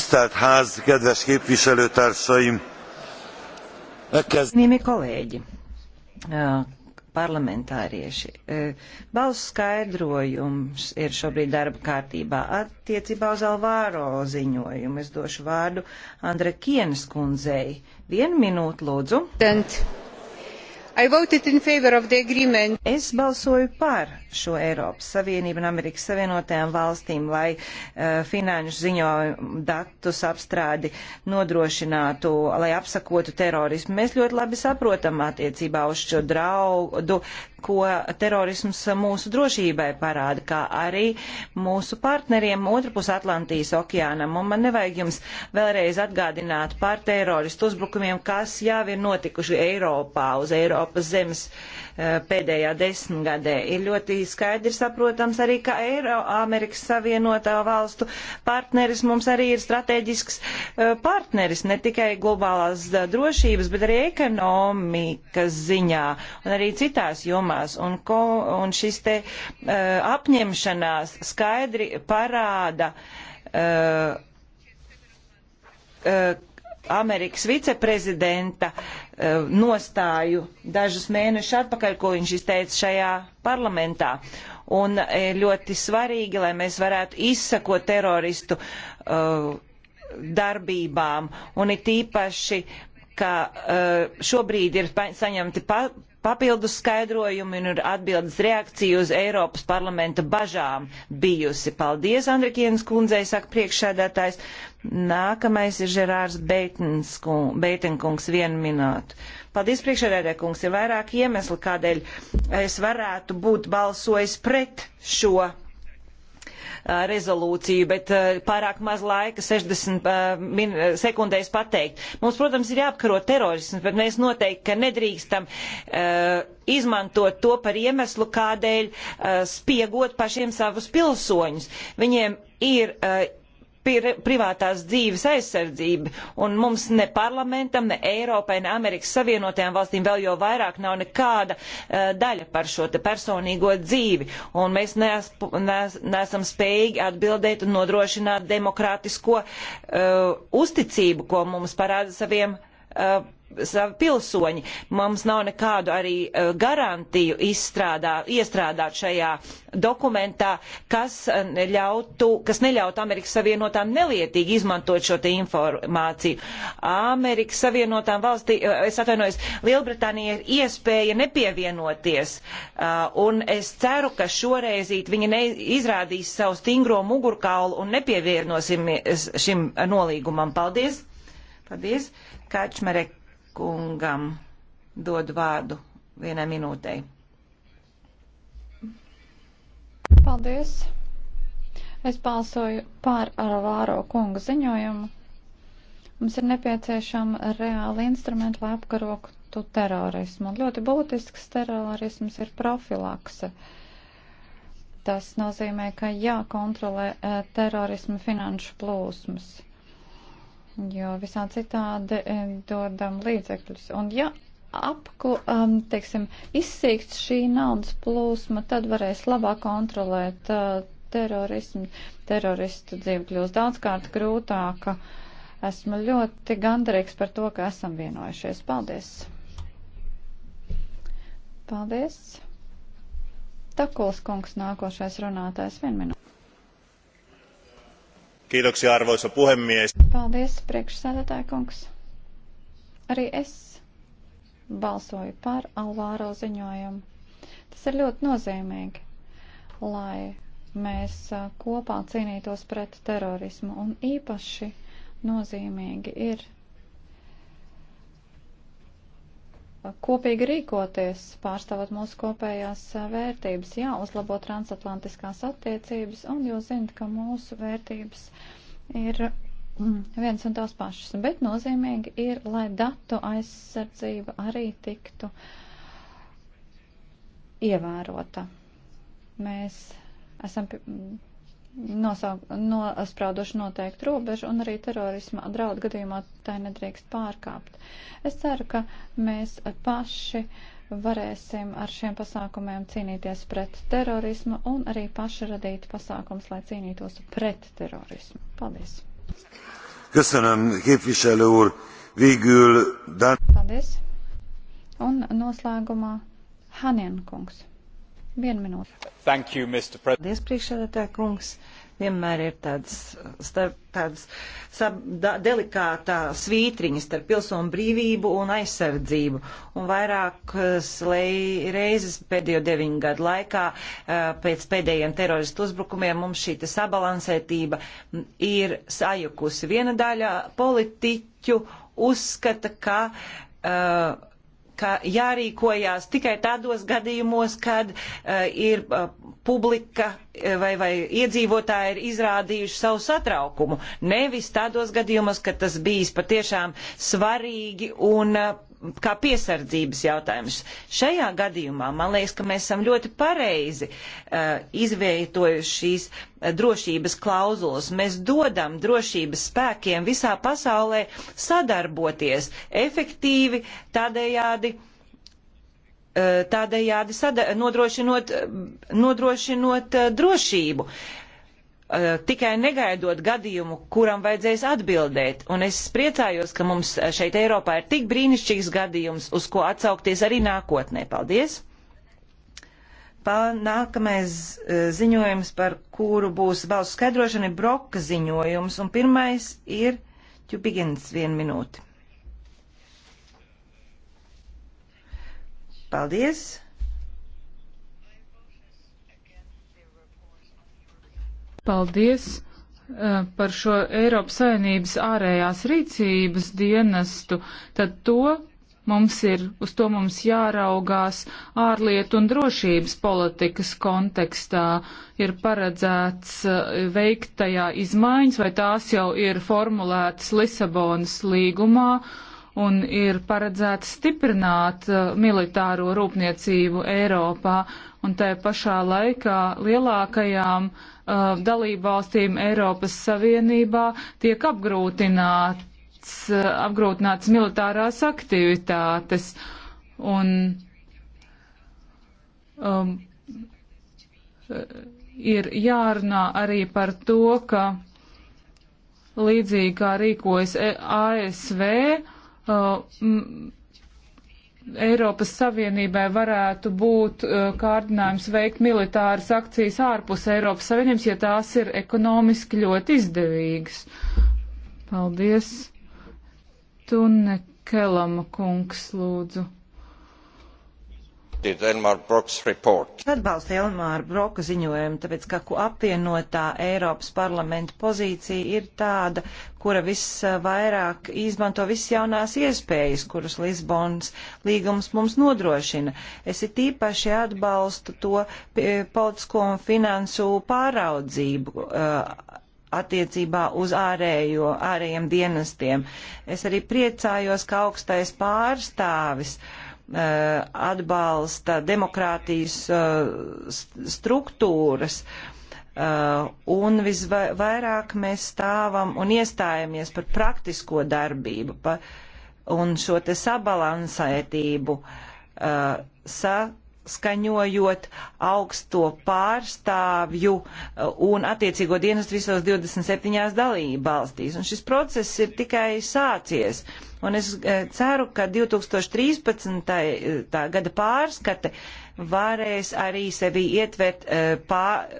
Tisztelt ház, kedves képviselőtársaim! Megkezd... Mimi kolēģi, parlamentārieši, balss skaidrojums ir šobrīd darba kārtībā attiecībā uz Alvāro ziņojumu. Es došu vārdu Andra Kienas kundzei. Vienu minūtu, lūdzu. Tent. Es balsoju par šo Eiropas Savienību un Amerikas Savienotajām valstīm, lai uh, finanšu ziņojumu datus apstrādi nodrošinātu, lai apsakotu terorismu. Mēs ļoti labi saprotam attiecībā uz šo draudu ko terorisms mūsu drošībai parāda, kā arī mūsu partneriem otrpus Atlantijas okeānam. Un man nevajag jums vēlreiz atgādināt par teroristu uzbrukumiem, kas jau ir notikuši Eiropā uz Eiropas zemes. Uh, Eh, pēdējā desmitgadē. Ir ļoti skaidri saprotams arī, ka Eiro Amerikas Savienotā valstu partneris mums arī ir strateģisks eh, partneris, ne tikai globālās eh, drošības, bet arī ekonomikas ziņā un arī citās jomās. Un, ko, un šis te apņemšanās skaidri parāda. Uh, uh, Amerikas viceprezidenta uh, Eh, nostāju dažus mēnešus atpakaļ, ko viņš izteica šajā parlamentā. Un ir eh, ļoti svarīgi, lai mēs varētu izsakot teroristu uh, darbībām. Un ir tīpaši, ka uh, šobrīd ir saņemti pa papildus skaidrojumi un ir atbildes reakcija uz Eiropas parlamenta bažām bijusi. Paldies, Andrikienas kundzei, saka priekšsēdētājs. Nākamais ir Žerārs Beitenkungs, vienu minūtu. Paldies, priekšsēdētāj kungs, ir vairāk iemesli, kādēļ es varētu būt balsojis pret šo rezolūciju, bet pārāk maz laika 60 sekundēs pateikt. Mums, protams, ir jāapkaro terorisms, bet mēs noteikti nedrīkstam izmantot to par iemeslu, kādēļ spiegot pašiem savus pilsoņus. Viņiem ir pir, privātās dzīves aizsardzība, un mums ne parlamentam, ne Eiropai, ne Amerikas Savienotajām valstīm vēl jau vairāk nav nekāda uh, daļa par šo te personīgo dzīvi, un mēs nees, nees, neesam spējīgi atbildēt un nodrošināt demokrātisko uh, uzticību, ko mums parāda saviem uh, savi pilsoņi. Mums nav nekādu arī eh, garantiju izstrādā, iestrādāt šajā dokumentā, kas eh, ļautu, kas neļautu Amerikas Savienotām nelietīgi izmantot šo te informāciju. Amerikas Savienotām valstī, eh, es atvainojos, Lielbritānija ir iespēja nepievienoties, un es ceru, ka šoreizīt viņi neizrādīs savu stingro mugurkaulu un nepievienosim šim nolīgumam. Paldies! Paldies! Kačmerek kungam dod vārdu vienai minūtei. Paldies! Es balsoju pār Alvāro kunga ziņojumu. Mums ir nepieciešama reāla instrumenta, lai apkarotu terorismu. Un ļoti būtisks terorisms ir profilakse. Tas nozīmē, ka jākontrolē eh, terorismu finanšu plūsmas jo visā citādi e, dodam līdzekļus. Un ja apku, um, teiksim, izsīkts šī naudas plūsma, tad varēs labāk kontrolēt uh, terorismu. Teroristu dzīve kļūst daudzkārt grūtāka. Esmu ļoti gandarīgs par to, ka esam vienojušies. Paldies! Paldies! Takuls kungs nākošais runātājs vienminūte. Kiitoksia, arvoisa puhemies. Paldies, priekšsēdētāja kungs. Arī es balsoju par Alvāro ziņojumu. Tas ir ļoti nozīmīgi, lai mēs uh, kopā cīnītos pret terorismu un īpaši nozīmīgi ir kopīgi rīkoties, pārstāvot mūsu kopējās vērtības, jāuzlabo transatlantiskās attiecības, un jūs zinat, ka mūsu vērtības ir mm, viens un tās pašas, bet nozīmīgi ir, lai datu aizsardzība arī tiktu ievērota. Mēs esam nosauk, nosprauduši noteikti robežu un arī terorisma draudu gadījumā tai nedrīkst pārkāpt. Es ceru, ka mēs paši varēsim ar šiem pasākumiem cīnīties pret terorismu un arī paši radīt pasākums, lai cīnītos pret terorismu. Paldies! Köszönöm, képviselő úr! Végül Dan... Paldies! Un noslēgumā Hanien kungs. Vienu minūti. Thank you, Mr. President. Paldies, priekšsēdētāj kungs. Vienmēr ir tāds, starp, tāds sab, da, delikātā svītriņa starp pilsonu brīvību un aizsardzību. Un vairākas reizes pēdējo deviņu gadu laikā eh, pēc pēdējiem teroristu uzbrukumiem mums šī sabalansētība ir sajukusi. Viena daļa politiķu uzskata, ka uh, ka jārīkojās tikai tādos gadījumos, kad uh, ir uh, publika eh, vai, vai iedzīvotāji ir izrādījuši savu satraukumu. Nevis tādos gadījumos, kad tas bijis patiešām svarīgi un uh, kā piesardzības jautājums. Šajā gadījumā man liekas, ka mēs esam ļoti pareizi uh, izvietojuši šīs uh, drošības klauzulas. Mēs dodam drošības spēkiem visā pasaulē sadarboties efektīvi tādējādi. Uh, tādējādi sada, nodrošinot, uh, nodrošinot uh, drošību. Uh, Eh, tikai negaidot gadījumu, kuram vajadzēs atbildēt. Un es priecājos, ka mums šeit Eiropā ir tik brīnišķīgs gadījums, uz ko atsaukties arī nākotnē. Paldies! Pa, nākamais eh, ziņojums, par kuru būs balsu skaidrošana, ir Broka ziņojums, un pirmais ir Čupigins vienu minūti. Paldies! Paldies eh, par šo Eiropas Savienības ārējās rīcības dienestu, tad to mums ir, uz to mums jāraugās ārlietu un drošības politikas kontekstā, ir paredzēts eh, veikt tajā izmaiņas, vai tās jau ir formulētas Lisabonas līgumā, un ir paredzēts stiprināt eh, militāro rūpniecību Eiropā un tā pašā laikā lielākajām uh, dalībvalstīm Eiropas Savienībā tiek apgrūtināts, uh, apgrūtināts militārās aktivitātes. Un, um, ir jārunā arī par to, ka līdzīgi kā rīkojas ASV, uh, m, Eiropas Savienībai varētu būt uh, kārdinājums veikt militāras akcijas ārpus Eiropas Savienības, ja tās ir ekonomiski ļoti izdevīgas. Paldies. Tunne Kelama kungs lūdzu. Atbalstu Elmāra Broka ziņojumu, tāpēc, ka apvienotā Eiropas parlamenta pozīcija ir tāda, kura visvairāk izmanto visas jaunās iespējas, kuras Lisbonas līgums mums nodrošina. Es it īpaši atbalstu to eh, politisko un finansu pāraudzību eh, attiecībā uz ārējo, ārējiem dienestiem. Es arī priecājos, ka augstais pārstāvis uh, Uh, atbalsta demokrātijas uh, struktūras. Uh, un visvairāk mēs stāvam un iestājamies par praktisko darbību pa, un šo te sabalansētību sa skaņojot augsto pārstāvju uh, un attiecīgo dienestu visos 27 dalība valstīs. Un šis process ir tikai sācies. Un es uh, ceru, ka 2013. Uh, gada pārskate varēs arī sevi ietvert pār,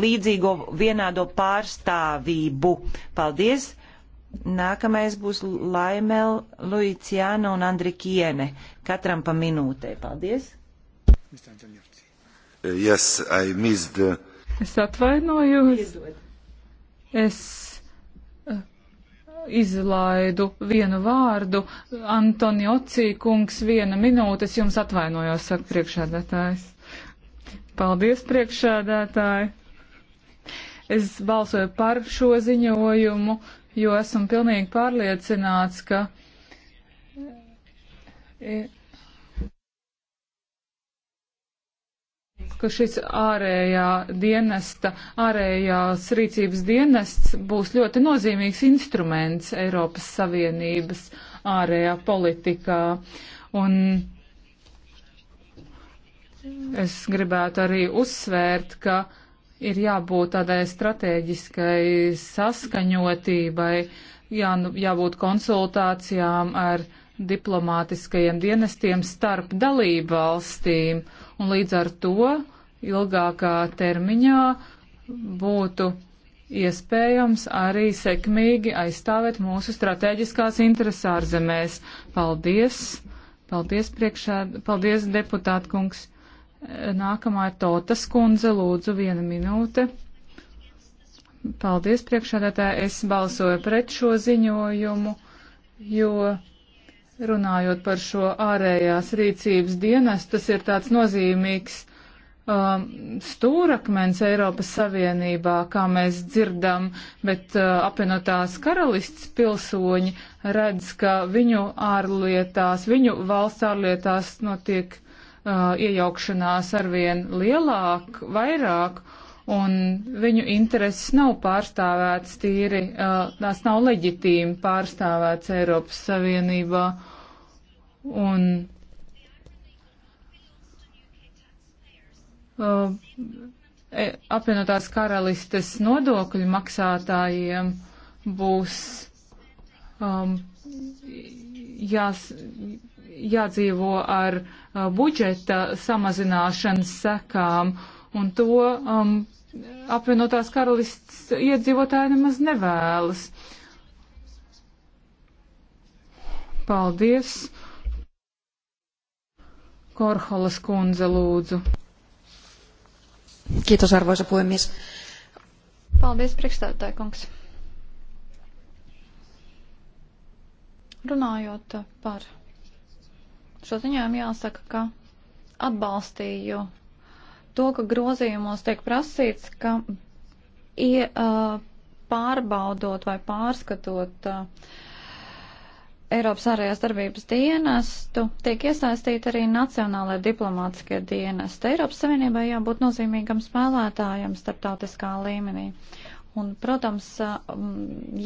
līdzīgo vienādo pārstāvību. Paldies! Nākamais būs Laimel, Luiciāna un Andrikiene. Katram pa minūtē. Paldies! Mr. Angeliotis. Uh, yes, I missed. Uh... Es atvainojos. Es uh, izlaidu vienu vārdu. Antonioci kungs, viena minūte, es jums atvainojos, saka priekšādātājs. Paldies, priekšādātāji. Es balsoju par šo ziņojumu, jo esmu pilnīgi pārliecināts, ka. Uh, ka šis ārējā dienesta, ārējās rīcības dienests būs ļoti nozīmīgs instruments Eiropas Savienības ārējā politikā. Un es gribētu arī uzsvērt, ka ir jābūt tādai strateģiskai saskaņotībai, jā, nu, jābūt konsultācijām ar diplomātiskajiem dienestiem starp dalību valstīm, un līdz ar to ilgākā termiņā būtu iespējams arī sekmīgi aizstāvēt mūsu strateģiskās intereses ārzemēs. Paldies! Paldies, priekšā, paldies deputāt kungs! Nākamā ir Totas kundze, lūdzu, viena minūte. Paldies, priekšādātāji, es balsoju pret šo ziņojumu, jo runājot par šo ārējās rīcības dienas, tas ir tāds nozīmīgs um, stūrakmens Eiropas Savienībā, kā mēs dzirdam, bet uh, apvienotās karalists pilsoņi redz, ka viņu ārlietās, viņu valsts ārlietās notiek uh, iejaukšanās arvien lielāk, vairāk un viņu intereses nav pārstāvētas tīri, uh, tās nav leģitīmi pārstāvētas Eiropas Savienībā. Un uh, e, apvienotās karalistes nodokļu maksātājiem būs um, jās, jādzīvo ar uh, budžeta samazināšanas sekām, un to um, apvienotās karalists iedzīvotāji nemaz nevēlas. Paldies! Korholas kundze lūdzu. Kiitos, arvoisa puhemies. Paldies, priekšstādātāja kungs. Runājot par šo ziņojumu, jāsaka, ka atbalstīju to, ka grozījumos tiek prasīts, ka ie, pārbaudot vai pārskatot uh, Eiropas ārējās darbības dienestu tiek iesaistīti arī nacionālajie diplomātskie dienesti. Eiropas Savienībai jābūt nozīmīgam spēlētājam starptautiskā līmenī. Un, protams,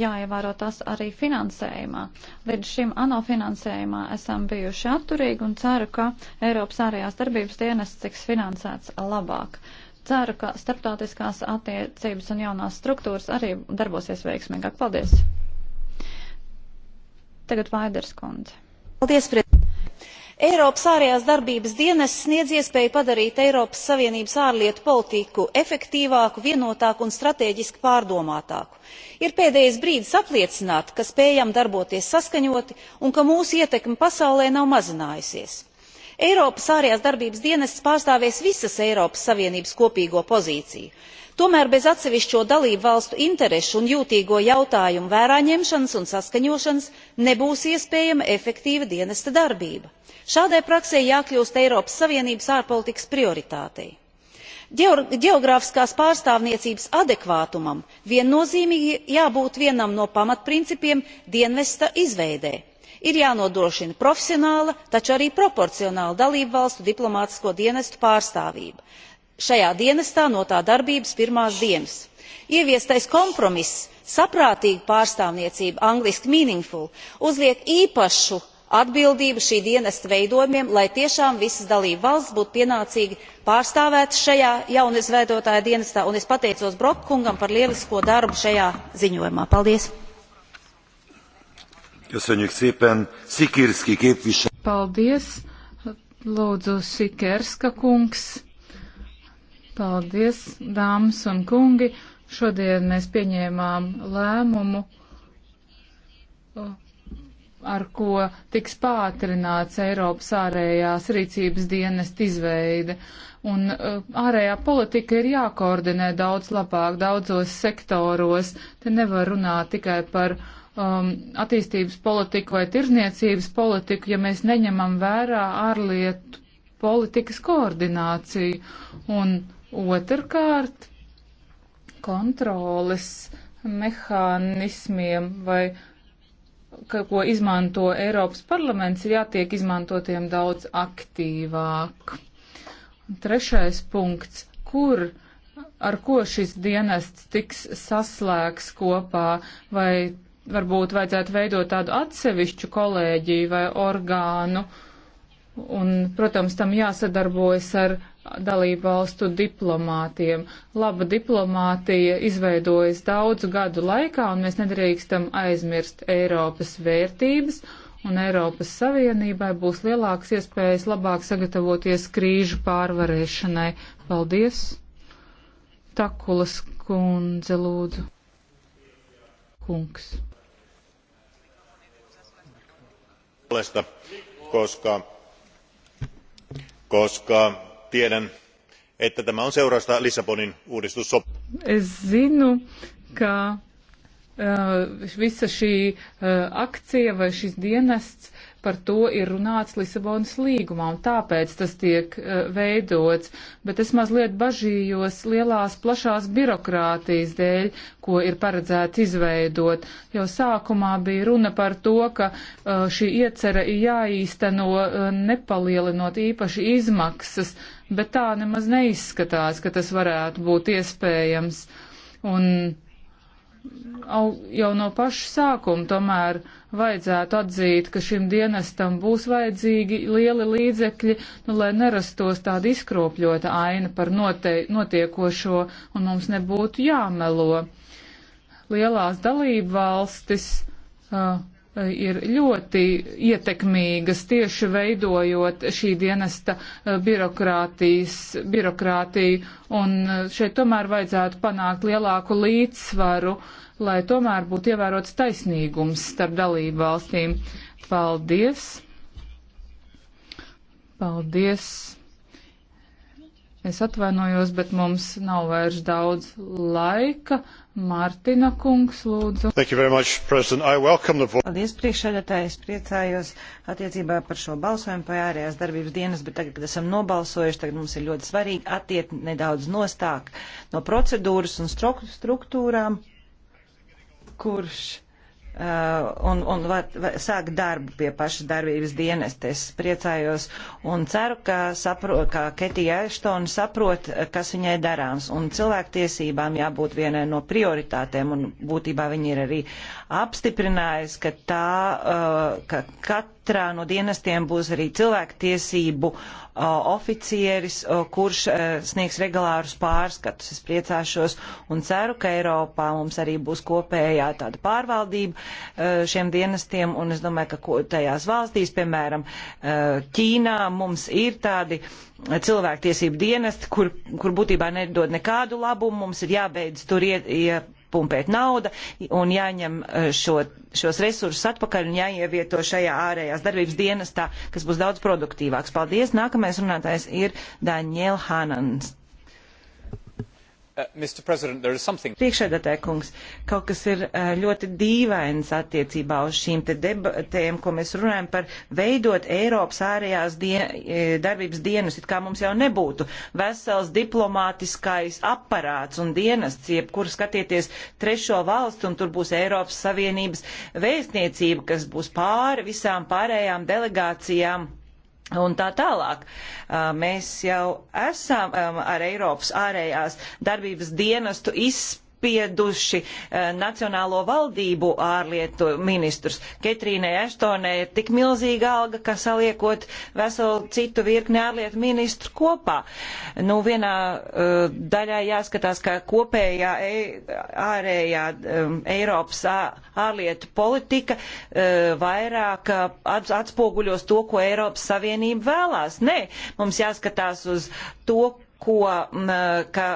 jāievēro tas arī finansējumā. Līdz šim ANO finansējumā esam bijuši atturīgi un ceru, ka Eiropas ārējās darbības dienests tiks finansēts labāk. Ceru, ka starptautiskās attiecības un jaunās struktūras arī darbosies veiksmīgāk. Paldies! Tagad Vaiders kundze. Paldies, pret. Eiropas ārējās darbības dienas sniedz iespēju padarīt Eiropas Savienības ārlietu politiku efektīvāku, vienotāku un strateģiski pārdomātāku. Ir pēdējais brīdis apliecināt, ka spējam darboties saskaņoti un ka mūsu ietekme pasaulē nav mazinājusies eiropas ārējās darbības dienests pārstāvēs visas eiropas savienības kopīgo pozīciju tomēr bez atsevišķo dalību valstu interešu un jūtīgo jautājumu vērāņemšanas un saskaņošanas nebūs iespējama efektīva dienesta darbība. šādai praksei jākļūst eiropas savienības ārpolitikas prioritātei. ģeogrāfiskās pārstāvniecības adekvātumam viennozīmīgi jābūt vienam no pamatprincipiem dienesta izveidē ir jānodrošina profesionāla taču arī proporcionāla dalībvalstu diplomātisko dienestu pārstāvība šajā dienestā no tā darbības pirmās dienas. ieviestais kompromiss saprātīga pārstāvniecība angliski meaningful uzliek īpašu atbildību šī dienesta veidojumiem lai tiešām visas dalībvalstis būtu pienācīgi pārstāvētas šajā jaunizveidotajā dienestā un es pateicos broka kungam par lielisko darbu šajā ziņojumā. paldies! Paldies! Lūdzu, Sikerska kungs. Paldies, dāmas un kungi. Šodien mēs pieņēmām lēmumu, ar ko tiks pātrināts Eiropas ārējās rīcības dienest izveide. Un ārējā politika ir jākoordinē daudz labāk daudzos sektoros. Te nevar runāt tikai par um, attīstības politiku vai tirzniecības politiku, ja mēs neņemam vērā ārlietu politikas koordināciju. Un, uh, Otrkārt, kontroles mehānismiem vai ka, ko izmanto Eiropas parlaments, ir jātiek izmantotiem daudz aktīvāk. Un trešais punkts, kur, ar ko šis dienests tiks saslēgs kopā, vai varbūt vajadzētu veidot tādu atsevišķu kolēģiju vai orgānu, un, protams, tam jāsadarbojas ar dalību valstu diplomātiem. Laba diplomātija izveidojas daudzu gadu laikā, un mēs nedrīkstam aizmirst Eiropas vērtības, un Eiropas Savienībai būs lielāks iespējas labāk sagatavoties krīžu pārvarēšanai. Paldies! Takulas kundze lūdzu. Kungs. Puolesta, koska, koska tiedän että tämä on seurausta lissabonin uudistussopimuksesta visa šī uh, akcija vai šis dienests par to ir runāts Lisabonas līgumā, un tāpēc tas tiek uh, veidots. Bet es mazliet bažījos lielās plašās birokrātijas dēļ, ko ir paredzēts izveidot. Jau sākumā bija runa par to, ka uh, šī iecera ir jāīsteno, nepalielinot īpaši izmaksas bet tā nemaz neizskatās, ka tas varētu būt iespējams. Un jau no paša sākuma tomēr vajadzētu atzīt, ka šim dienestam būs vajadzīgi lieli līdzekļi, nu, lai nerastos tāda izkropļota aina par note, notiekošo un mums nebūtu jāmelo. Lielās dalība valstis uh, ir ļoti ietekmīgas tieši veidojot šī dienesta eh, birokrātiju, un eh, šeit tomēr vajadzētu panākt lielāku līdzsvaru, lai tomēr būtu ievērots taisnīgums starp dalību valstīm. Paldies! Paldies! Es atvainojos, bet mums nav vairs daudz laika. Mārtiņa kungs, lūdzu. Much, the... Paldies, priekšsēdētāji. Es priecājos attiecībā par šo balsojumu par ārējās darbības dienas, bet tagad, kad esam nobalsojuši, tagad mums ir ļoti svarīgi attiet nedaudz nostāk no procedūras un struktūrām, kurš Uh, un, un var, var sākt darbu pie paša darbības dienesta. Es priecājos un ceru, ka, sapro, ka Ketija Eštona saprot, kas viņai darāms. Un cilvēktiesībām jābūt vienai no prioritātēm, un būtībā viņi ir arī apstiprinājis, ka, tā, uh, ka katrā no dienestiem būs arī cilvēktiesību uh, oficieris, uh, kurš sniegs regulārus pārskatus. Es priecāšos un ceru, ka Eiropā mums arī būs kopējā tāda pārvaldība šiem dienestiem, un es domāju, ka tajās valstīs, piemēram, Ķīnā mums ir tādi cilvēktiesību dienesti, kur, kur būtībā nedod nekādu labumu, mums ir jābeidz tur iet, iet jāpumpēt nauda un jāņem e, šo, šos resursus atpakaļ un jāievieto šajā ārējās darbības dienestā, kas būs daudz produktīvāks. Paldies! Nākamais runātājs ir Daniela Hanans. Uh, something... Priekšēdētāja kungs, kaut kas ir uh, ļoti dīvains attiecībā uz šīm te debatēm, ko mēs runājam par veidot Eiropas ārējās dien, e, darbības dienas, it kā mums jau nebūtu vesels diplomātiskais aparāts un dienests, jebkur skatieties trešo valstu un tur būs Eiropas Savienības vēstniecība, kas būs pāri visām pārējām delegācijām Un tā tālāk. Mēs jau esam ar Eiropas ārējās darbības dienestu izpētējumu apspieduši eh, Nacionālo valdību ārlietu ministrus. Ketrīnai Eštonē ir tik milzīga alga, ka saliekot veselu citu virkni ārlietu ministru kopā. Nu, vienā eh, daļā jāskatās, ka kopējā e, ārējā eh, Eiropas ārlietu politika vairāk atspoguļos to, ko Eiropas Savienība vēlās. Nē, mums jāskatās uz to, ko, ka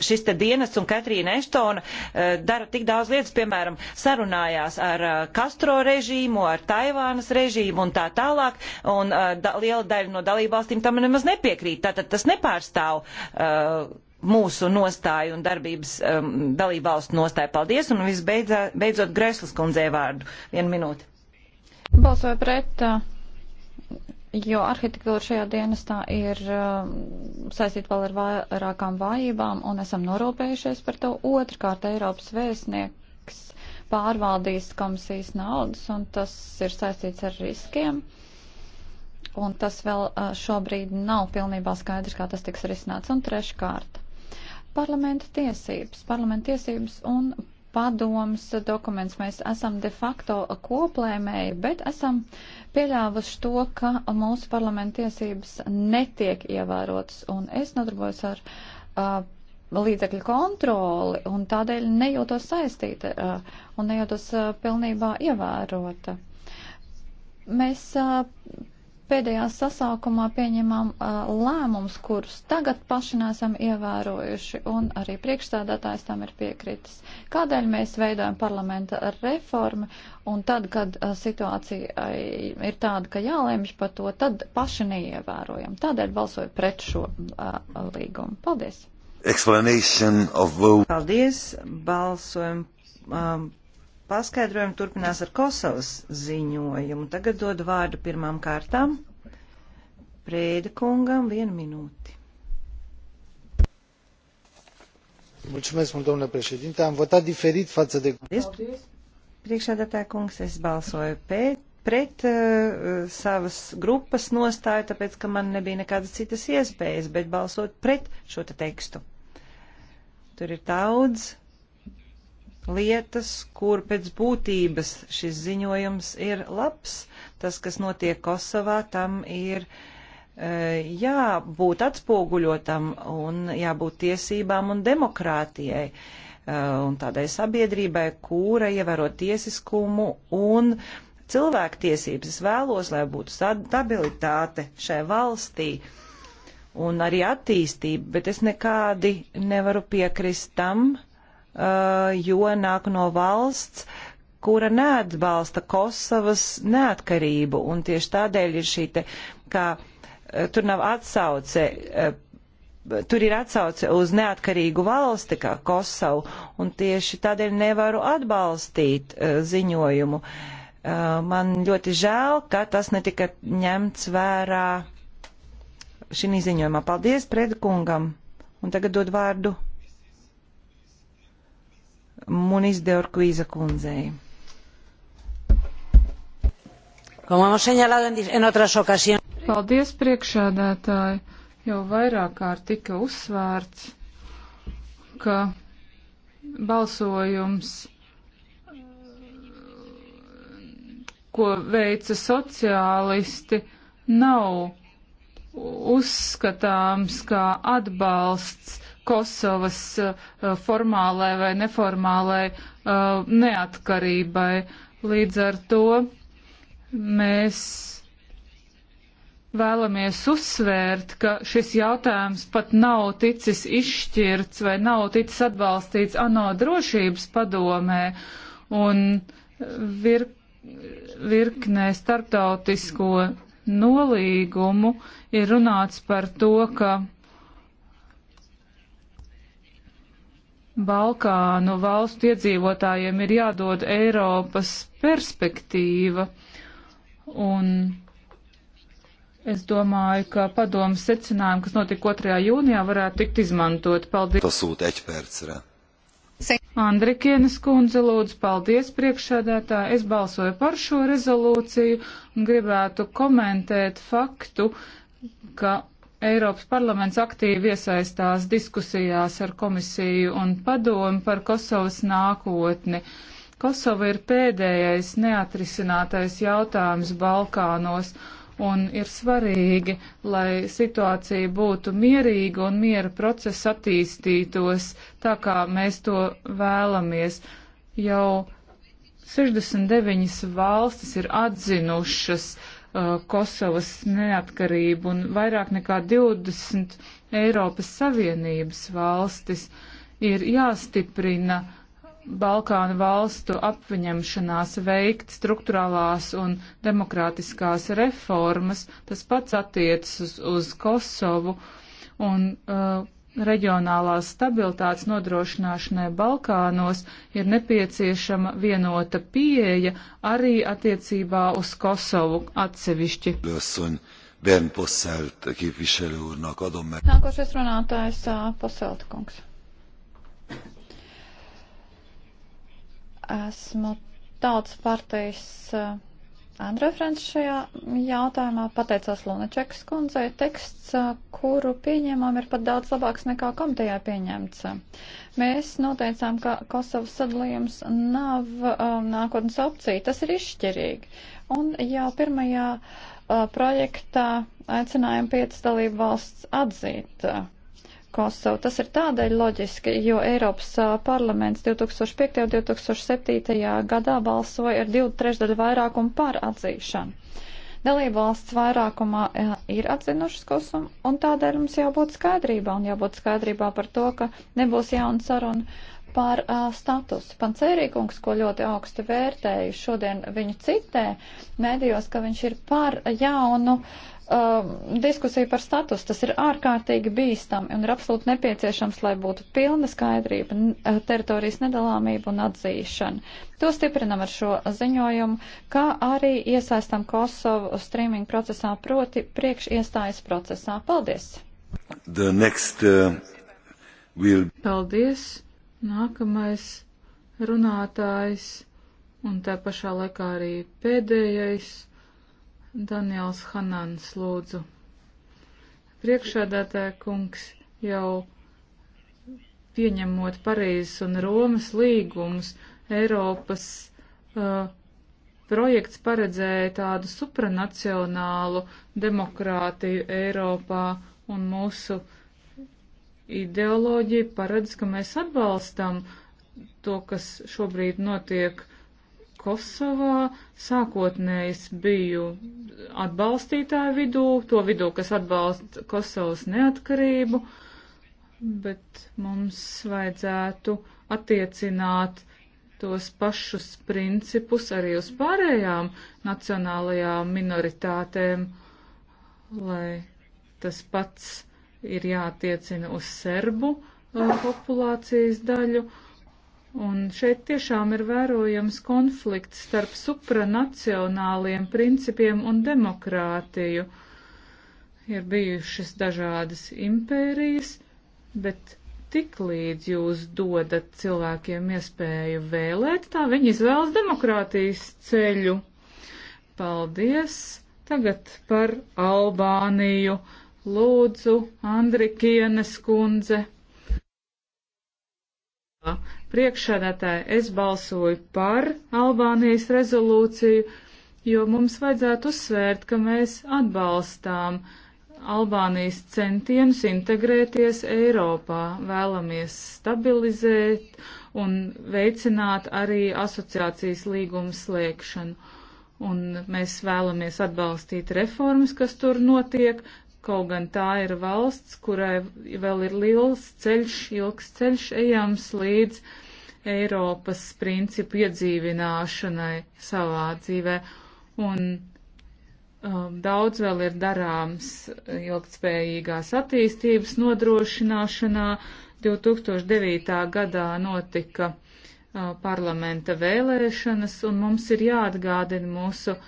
šis te dienas un Katrīna Eštona uh, dara tik daudz lietas, piemēram, sarunājās ar uh, eh, Kastro režīmu, ar Taivānas režīmu un tā tālāk, un uh, da, liela daļa no dalībvalstīm tam nemaz nepiekrīt. Tātad tas nepārstāv. Uh, mūsu nostāju un darbības um, dalībvalstu nostāju. Paldies, un visbeidzot Greslas kundzei vārdu. Vienu minūti. Balsoju pret. Uh jo arhitektūra šajā dienestā ir uh, saistīta vēl ar vairākām vājībām, un esam norūpējušies par to. Otrkārt, Eiropas vēstnieks pārvaldīs komisijas naudas, un tas ir saistīts ar riskiem. Un tas vēl uh, šobrīd nav pilnībā skaidrs, kā tas tiks risināts. Un treškārt, parlamenta tiesības, parlamenta tiesības un padomas dokuments. Mēs esam de facto koplēmēji, bet esam pieļāvuši to, ka mūsu parlamenta tiesības netiek ievērotas. Un es nodarbojos ar uh, līdzekļu kontroli un tādēļ nejūtos saistīta uh, un nejūtos uh, pilnībā ievērota. Mēs uh, Pēdējā sasaukumā pieņemam uh, lēmums, kurus tagad paši nesam ievērojuši, un arī priekšstādātājs tam ir piekritis. Kādēļ mēs veidojam parlamenta reformu, un tad, kad uh, situācija uh, ir tāda, ka jālēmš par to, tad paši neievērojam. Tādēļ balsoju pret šo uh, līgumu. Paldies! Paldies! Balsojam um, paskaidrojumu turpinās ar Kosovas ziņojumu. Tagad dodu vārdu pirmām kārtām. Prēda kungam vienu minūti. Mulțumesc mult, domnule președinte. Am votat diferit față de... Priekšādātāja kungs, es balsoju pēc, pret uh, savas grupas nostāju, tāpēc, ka man nebija nekādas citas iespējas, bet balsot pret šo te tekstu. Tur ir daudz lietas, kur pēc būtības šis ziņojums ir labs. Tas, kas notiek Kosovā, tam ir e, jābūt atspoguļotam un jābūt tiesībām un demokrātijai e, un tādai sabiedrībai, kura ievēro tiesiskumu un cilvēktiesības. Es vēlos, lai būtu stabilitāte šai valstī un arī attīstība, bet es nekādi nevaru piekrist tam, uh, Uh, jo nāk no valsts, kura neatbalsta Kosovas neatkarību, un tieši tādēļ ir šī te, kā uh, tur nav atsauce, uh, tur ir atsauce uz neatkarīgu valsti, kā Kosovu, un tieši tādēļ nevaru atbalstīt ziņojumu. Man ļoti žēl, ka tas netika ņemts vērā šī ziņojumā. Paldies predkungam, un tagad dod vārdu Munis de Orkuiza kundzei. Paldies, priekšādātāji! Jau vairāk kārt tika uzsvērts, ka balsojums, ko veica sociālisti, nav uzskatāms kā atbalsts Kosovas eh, formālai vai neformālai eh, neatkarībai. Līdz ar to mēs vēlamies uzsvērt, ka šis jautājums pat nav ticis izšķirts vai nav ticis atbalstīts ANO drošības padomē un vir, virknē starptautisko nolīgumu ir runāts par to, ka Balkānu valstu iedzīvotājiem ir jādod Eiropas perspektīva. Un es domāju, ka padomu secinājumu, kas notika 2. jūnijā, varētu tikt izmantot. Paldies. Tas sūta eķpērcerē. Andrikienes kundze lūdzu, paldies priekšsēdētā. Es balsoju par šo rezolūciju un gribētu komentēt faktu, ka Eiropas parlaments aktīvi iesaistās diskusijās ar komisiju un padomu par Kosovas nākotni. Kosova ir pēdējais neatrisinātais jautājums Balkānos un ir svarīgi, lai situācija būtu mierīga un miera process attīstītos tā, kā mēs to vēlamies. Jau 69 valstis ir atzinušas uh, Uh, Kosovas neatkarību un vairāk nekā 20 Eiropas Savienības valstis ir jāstiprina Balkānu valstu apviņemšanās veikt struktūrālās un demokrātiskās reformas. Tas pats attiecas uz, uz Kosovu. Un, uh, reģionālās stabilitātes nodrošināšanai Balkānos ir nepieciešama vienota pieeja arī attiecībā uz Kosovu atsevišķi. Bern Posselt képviselő úrnak adom meg. Nākošais runātājs Posselt kungs. Esmu tautas partijas Andrefrens šajā jautājumā pateicās Lunačekas kundzei. Teksts, kuru pieņēmām, ir pat daudz labāks nekā komitejā pieņemts. Mēs noteicām, ka Kosovas sadalījums nav um, nākotnes opcija. Tas ir izšķirīgi. Un jau pirmajā uh, projektā aicinājām piecas dalību valsts atzīt. Uh, Kosovu. Tas ir tādēļ loģiski, jo Eiropas parlaments 2005. un 2007. gadā balsoja ar divu trešdaļu vairākumu par atzīšanu. Dalību valsts vairākumā ir atzinušas Kosovu, un tādēļ mums jābūt skaidrībā, un jābūt skaidrībā par to, ka nebūs jauna saruna par uh, statusu. Pancērīkungs, ko ļoti augstu vērtēju, šodien viņu citē medijos, ka viņš ir par jaunu uh, uh, diskusija par status. Tas ir ārkārtīgi bīstami un ir absolūti nepieciešams, lai būtu pilna skaidrība, eh, teritorijas nedalāmība un atzīšana. To stiprinam ar šo ziņojumu, kā arī iesaistam Kosovu streaming procesā, proti priekš iestājas procesā. Paldies! The next, uh, will... Paldies! Nākamais runātājs un tā pašā laikā arī pēdējais Daniels Hanans lūdzu. Priekšādātāja kungs jau pieņemot Parīzes un Romas līgumus, Eiropas uh, projekts paredzēja tādu supranacionālu demokrātiju Eiropā un mūsu ideoloģija paredz, ka mēs atbalstam to, kas šobrīd notiek Kosovā sākotnējas biju atbalstītāju vidū, to vidū, kas atbalsta Kosovas neatkarību, bet mums vajadzētu attiecināt tos pašus principus arī uz pārējām nacionālajām minoritātēm, lai tas pats ir jātiecina uz serbu uh, populācijas daļu. Uh, Un šeit tiešām ir vērojams konflikts starp supranacionāliem principiem un demokrātiju. Ir bijušas dažādas impērijas, bet tik līdz jūs dodat cilvēkiem iespēju vēlēt, tā viņi izvēlas demokrātijas ceļu. Paldies! Tagad par Albāniju. Lūdzu, Andrikienes kundze priekšsēdētāji, es balsoju par Albānijas rezolūciju, jo mums vajadzētu uzsvērt, ka mēs atbalstām Albānijas centienus integrēties Eiropā, vēlamies stabilizēt un veicināt arī asociācijas līgumu slēgšanu. Un mēs vēlamies atbalstīt reformas, kas tur notiek, Kaut gan tā ir valsts, kurai vēl ir liels ceļš, ilgs ceļš ejams līdz Eiropas principu iedzīvināšanai savā dzīvē. Un um, daudz vēl ir darāms ilgtspējīgās attīstības nodrošināšanā. 2009. gadā notika uh, parlamenta vēlēšanas, un mums ir jāatgādina mūsu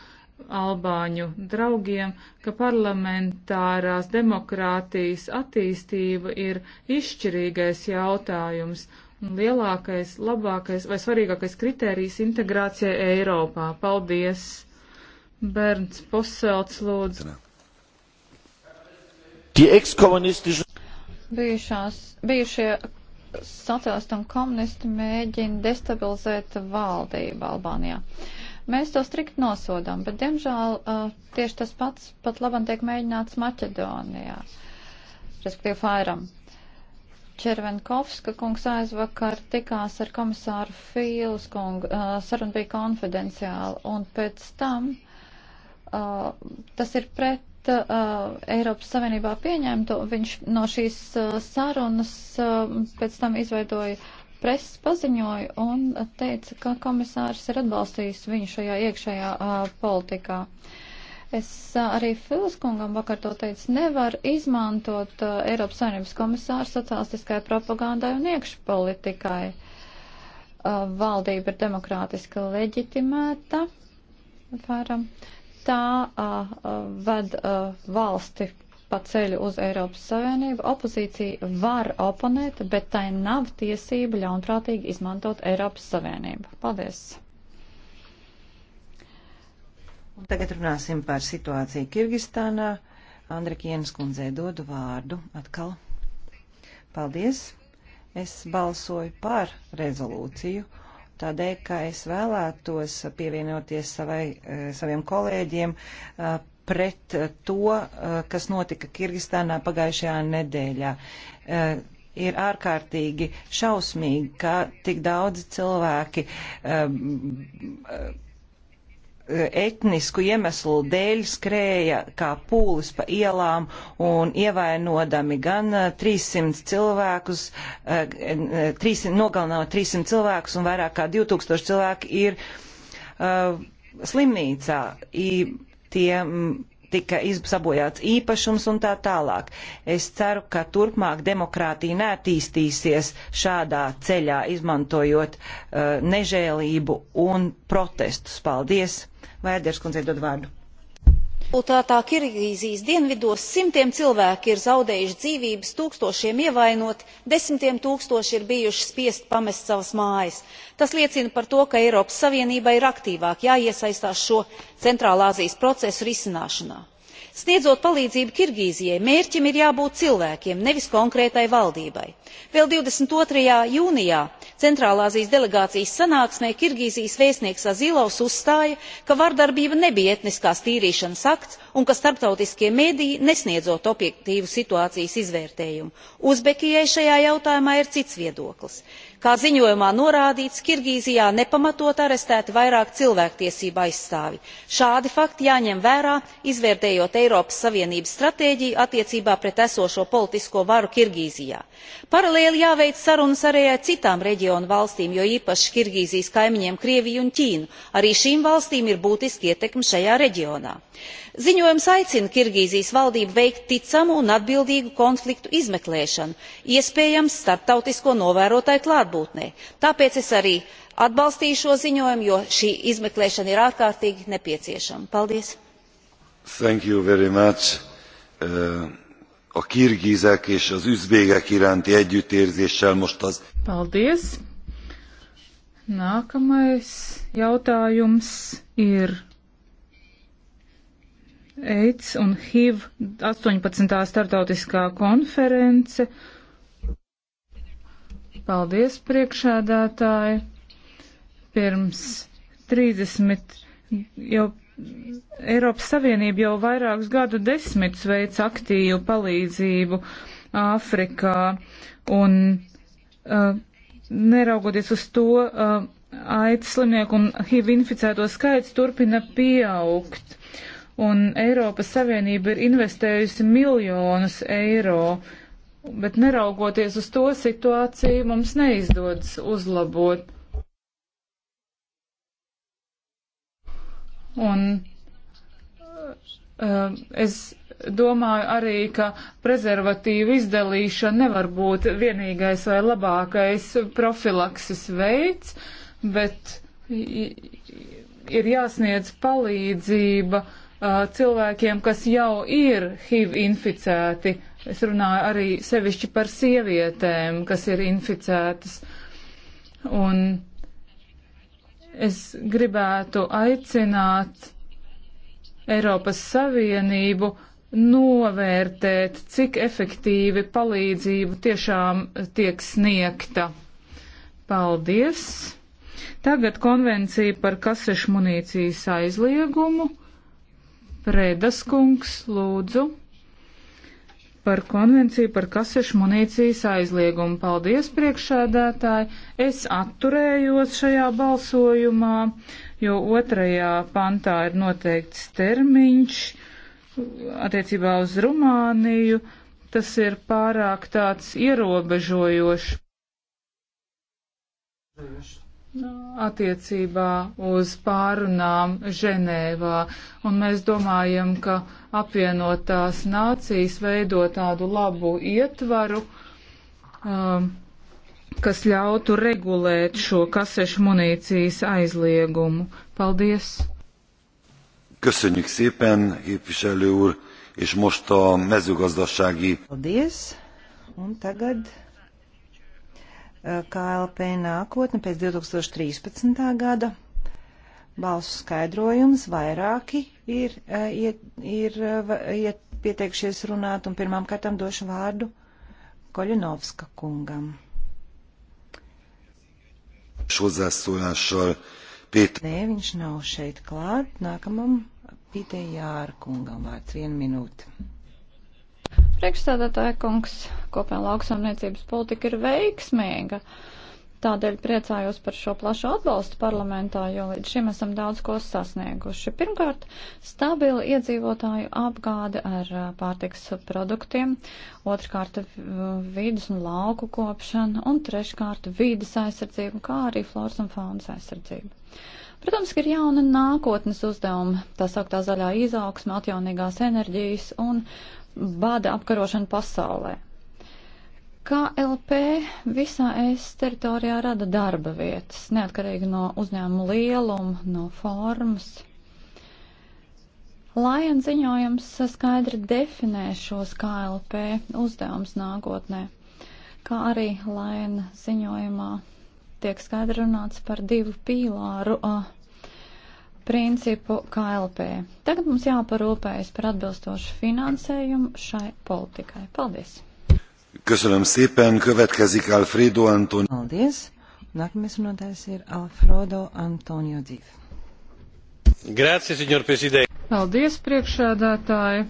albāņu draugiem, ka parlamentārās demokrātijas attīstība ir izšķirīgais jautājums un lielākais, labākais vai svarīgākais kritērijs integrācijai Eiropā. Paldies! Bernds Poselts lūdzu. Bijušās, bijušie sociālisti un komunisti mēģina destabilizēt valdību Albānijā. Uh, Mēs to strikt nosodām, bet, diemžēl, uh, tieši tas pats pat labam tiek mēģināts Maķedonijā, respektīvi Fairam. Červenkovska kungs aizvakar tikās ar komisāru Fīles kungu, uh, saruna bija konfidenciāla, un pēc tam uh, tas ir pret uh, Eiropas Savienībā pieņemto, viņš no šīs uh, sarunas uh, pēc tam izveidoja preses paziņoja un teica, ka komisārs ir atbalstījis viņu šajā iekšējā a, politikā. Es a, arī Filskungam vakar to teicu, nevar izmantot a, Eiropas Savienības komisāru sociālistiskai propagandai un iekšpolitikai. A, valdība ir demokrātiski leģitimēta, varam, tā a, a, ved a, valsti pa ceļu uz Eiropas Savienību. Opozīcija var oponēt, bet tai nav tiesība ļaunprātīgi izmantot Eiropas Savienību. Paldies! Un tagad runāsim par situāciju Kirgistānā. Andrikienas kundzei dodu vārdu atkal. Paldies! Es balsoju par rezolūciju tādēļ, ka es vēlētos pievienoties savai, eh, saviem kolēģiem eh, pret eh, to, eh, kas notika Kirgistānā pagājušajā nedēļā. Eh, ir ārkārtīgi šausmīgi, ka tik daudzi cilvēki etnisku iemeslu dēļ skrēja kā pūlis pa ielām un ievainodami gan 300 cilvēkus, 300, nogalinot 300 cilvēkus un vairāk kā 2000 cilvēki ir uh, slimnīcā. I, tiem tika sabojāts īpašums un tā tālāk. Es ceru, ka turpmāk demokrātija neattīstīsies šādā ceļā, izmantojot uh, nežēlību un protestus. Paldies! Vērders kundze dod vārdu rezultātā kirgīzijas dienvidos simtiem cilvēku ir zaudējuši dzīvības tūkstošiem ievainoti desmitiem tūkstoši ir bijuši spiest pamest savas mājas. tas liecina par to ka eiropas savienībai ir aktīvāk jāiesaistās šo centrālāzijas procesu risināšanā sniedzot palīdzību kirgīzijai mērķim ir jābūt cilvēkiem nevis konkrētai valdībai. vēl divdesmit two jūnijā centrālāzijas delegācijas sanāksmē kirgīzijas vēstnieks azilovs uzstāja ka vardarbība nebija etniskās tīrīšanas akts un ka starptautiskie mediji nesniedzot objektīvu situācijas izvērtējumu. uzbekijai šajā jautājumā ir cits viedoklis kā ziņojumā norādīts kirgīzijā nepamatot arestēti vairāki cilvēktiesību aizstāvji. šādi fakti jāņem vērā izvērtējot eiropas savienības stratēģiju attiecībā pret esošo politisko varu kirgīzijā. paralēli jāveic sarunas arī ar citām reģiona valstīm jo īpaši kirgīzijas kaimiņiem krieviju un ķīnu arī šīm valstīm ir būtiska ietekme šajā reģionā ziņojums aicina kirgīzijas valdību veikt ticamu un atbildīgu konfliktu izmeklēšanu iespējams starptautisko novērotāju klātbūtnē tāpēc es arī atbalstīju šo ziņojumu jo šī izmeklēšana ir ārkārtīgi nepieciešama. paldies! Uh, a kirgizek és az üzbégek iránti együttérzéssel most az. Paldies! Nākamais jautājums ir AIDS un HIV 18. startautiskā konference. Paldies, priekšēdētāji. Pirms 30 jau Eiropas Savienība jau vairākus gadu desmitus veic aktīvu palīdzību Āfrikā un uh, neraugoties uz to, uh, aids slimnieku un HIV inficēto skaits turpina pieaugt un Eiropas Savienība ir investējusi miljonus eiro, bet neraugoties uz to situāciju, mums neizdodas uzlabot. Un uh, es domāju arī, ka prezervatīvu izdalīšana nevar būt vienīgais vai labākais profilakses veids, bet ir jāsniedz palīdzība uh, Uh, cilvēkiem, kas jau ir HIV inficēti. Es runāju arī sevišķi par sievietēm, kas ir inficētas. Un es gribētu aicināt Eiropas Savienību novērtēt, cik efektīvi palīdzību tiešām tiek sniegta. Paldies! Tagad konvencija par kasešu munīcijas aizliegumu. Prēdas kungs, lūdzu, par konvenciju par kasešu munīcijas aizliegumu. Paldies, priekšēdētāji! Es atturējos šajā balsojumā, jo otrajā pantā ir noteikts termiņš attiecībā uz Rumāniju. Tas ir pārāk tāds ierobežojošs attiecībā uz pārunām Ženēvā, un mēs domājam, ka apvienotās nācijas veido tādu labu ietvaru, um, kas ļautu regulēt šo kasešu munīcijas aizliegumu. Paldies! Köszönjük szépen, képviselő úr, és most a mezőgazdasági. Paldies! Un tagad KLP nākotne pēc 2013. gada. Balsu skaidrojums vairāki ir, e, ir, ir, ir pieteikšies runāt, un pirmām kārtām došu vārdu Koļinovska kungam. Hozzászólással Péter. Nē, viņš nav šeit klāt. Nākamam Pitejāra kungam vārds vienu minūti. Priekšstādātāja kungs, kopējā lauksamniecības politika ir veiksmīga. Tādēļ priecājos par šo plašu atbalstu parlamentā, jo līdz šim esam daudz ko sasnieguši. Pirmkārt, stabila iedzīvotāju apgāde ar pārtiks produktiem, otrkārt vīdus un lauku kopšana, un treškārt vīdas aizsardzība, kā arī floras un faunas aizsardzība. Protams, ka ir jauna nākotnes uzdevuma, tā sauktā zaļā izaugsme, atjaunīgās enerģijas un bada apkarošanu pasaulē. KLP visā ES teritorijā rada darba vietas, neatkarīgi no uzņēmuma lieluma, no formas. Lajana ziņojums skaidri definē šos KLP uzdevums nākotnē, kā arī Lajana ziņojumā tiek skaidri runāts par divu pīlāru. Uh, principu KLP. Tagad mums jāparūpējas par atbilstošu finansējumu šai politikai. Paldies! Köszönöm szépen, következik Alfredo Antonio. Paldies! Nākamais runātājs ir Alfredo Antonio Dzīv. Grācie, signor prezidē. Paldies, priekšādātāji!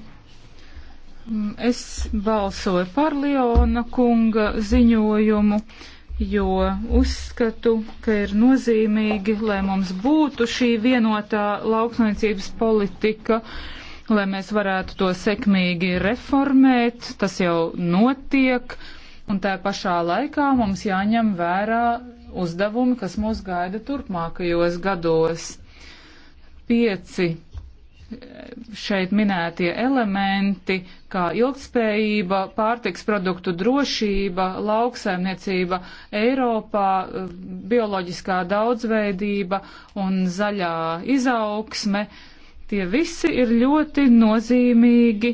Mm, es balsoju par Leona kunga ziņojumu jo uzskatu, ka ir nozīmīgi, lai mums būtu šī vienotā lauksainicības politika, lai mēs varētu to sekmīgi reformēt, tas jau notiek, un tā pašā laikā mums jāņem vērā uzdevumi, kas mūs gaida turpmākajos gados. Pieci šeit minētie elementi, kā ilgspējība, pārtiks produktu drošība, lauksaimniecība Eiropā, bioloģiskā daudzveidība un zaļā izaugsme, tie visi ir ļoti nozīmīgi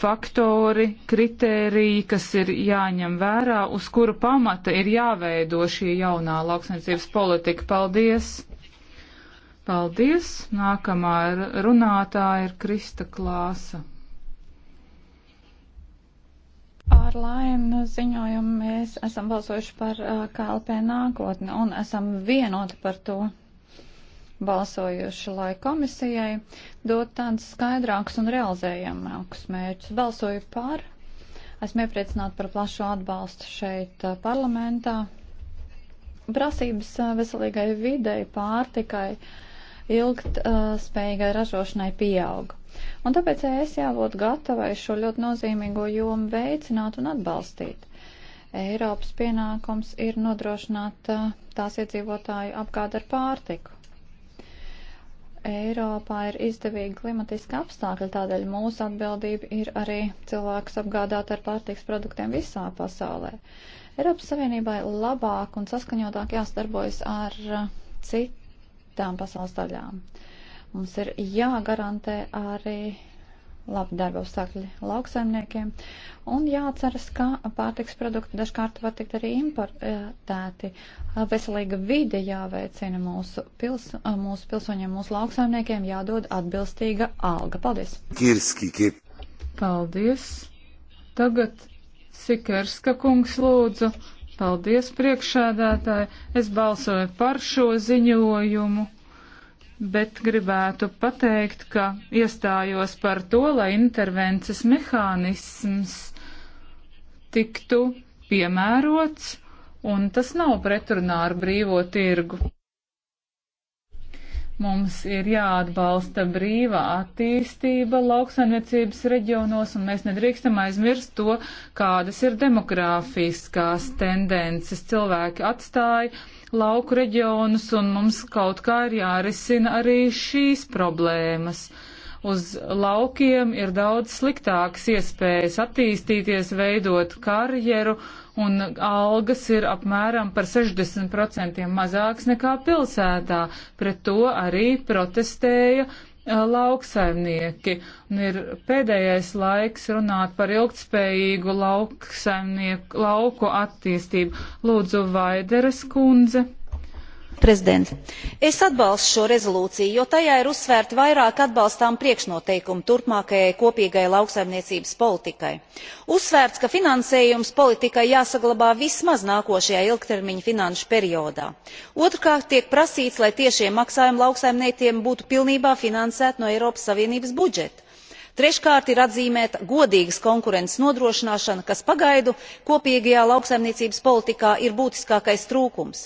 faktori, kritēriji, kas ir jāņem vērā, uz kuru pamata ir jāveido šī jaunā lauksaimniecības politika. Paldies! Paldies! Nākamā runātāja ir Krista Klāsa. Ar laimi ziņojumu mēs esam balsojuši par KLP nākotni un esam vienoti par to balsojuši, lai komisijai dot tādus skaidrākus un realizējamākus mērķus. Balsoju par, esmu iepriecināta par plašu atbalstu šeit parlamentā. Prasības veselīgai videi, pārtikai. Uh, ilgtspējīgai uh, ražošanai pieaug. Un tāpēc es jābūt gatavai šo ļoti nozīmīgo jomu veicināt un atbalstīt. Eiropas pienākums ir nodrošināt uh, tās iedzīvotāju apgādu ar pārtiku. Eiropā ir izdevīgi klimatiski apstākļi, tādēļ mūsu atbildība ir arī cilvēkus apgādāt ar pārtiks produktiem visā pasaulē. Eiropas Savienībai labāk un saskaņotāk jāsadarbojas ar uh, citu citām pasaules daļām. Mums ir jāgarantē arī labi darba apstākļi lauksaimniekiem un jāceras, ka pārtiks produkti dažkārt var tikt arī importēti. Veselīga vide jāveicina mūsu, pils, mūsu pilsoņiem, mūsu lauksaimniekiem jādod atbilstīga alga. Paldies! Kirskiki! Paldies! Tagad Sikerska kungs lūdzu. Paldies, priekšādātāji. Es balsoju par šo ziņojumu, bet gribētu pateikt, ka iestājos par to, lai intervences mehānisms tiktu piemērots, un tas nav pretrunā ar brīvo tirgu. Mums ir jāatbalsta brīva attīstība lauksaimniecības reģionos, un mēs nedrīkstam aizmirst to, kādas ir demografiskās tendences. Cilvēki atstāja lauku reģionus, un mums kaut kā ir jārisina arī šīs problēmas. Uz laukiem ir daudz sliktākas iespējas attīstīties, veidot karjeru, uh, un algas ir apmēram par 60% mazāks nekā pilsētā. Pret to arī protestēja lauksaimnieki. Un ir pēdējais laiks runāt par ilgtspējīgu lauksaimnieku lauku attīstību. Lūdzu, Vaideres kundze es atbalstu šo rezolūciju jo tajā ir uzsvērti vairāki atbalstāmi priekšnoteikumi turpmākajai kopīgajai lauksaimniecības politikai. uzsvērts ka finansējums politikai jāsaglabā vismaz nākošajā ilgtermiņa finanšu periodā. otrkārt tiek prasīts lai tiešie maksājumi lauksaimniekiem būtu pilnībā finansēti no eiropas savienības budžeta treškārt ir atzīmēta godīgas konkurences nodrošināšana kas pagaidu kopīgajā lauksaimniecības politikā ir būtiskākais trūkums.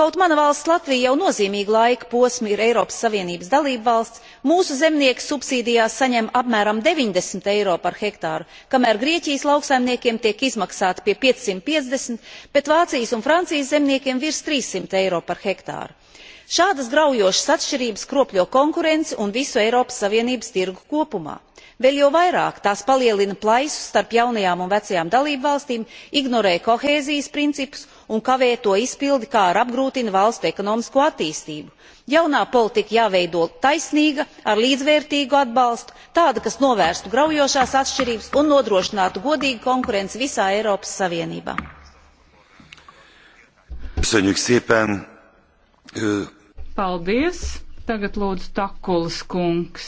kaut mana valsts latvija jau nozīmīgu laika posmu ir eiropas savienības dalībvalsts mūsu zemnieki subsīdijās saņem apmēram deviņdesmit eiro par hektāru kamēr grieķijas lauksaimniekiem tiek izmaksāti pie piecsimt piecdesmit bet vācijas un francijas zemniekiem virs trīssimt eiro par hektāru. šādas graujošas atšķirības kropļo konkurenci un visu eiropas savienības tirgu kopumā vēl jo vairāk tās palielina plaisu starp jaunajām un vecajām dalībvalstīm ignorē kohēzijas principus un kavē to izpildi kā arī apgrūtina valstu ekonomisko attīstību. jaunā politika jāveido taisnīga ar līdzvērtīgu atbalstu tāda kas novērstu graujošās atšķirības un nodrošinātu godīgu konkurenci visā eiropas savienībā. Paldies! Tagad lūdzu Takulas kungs.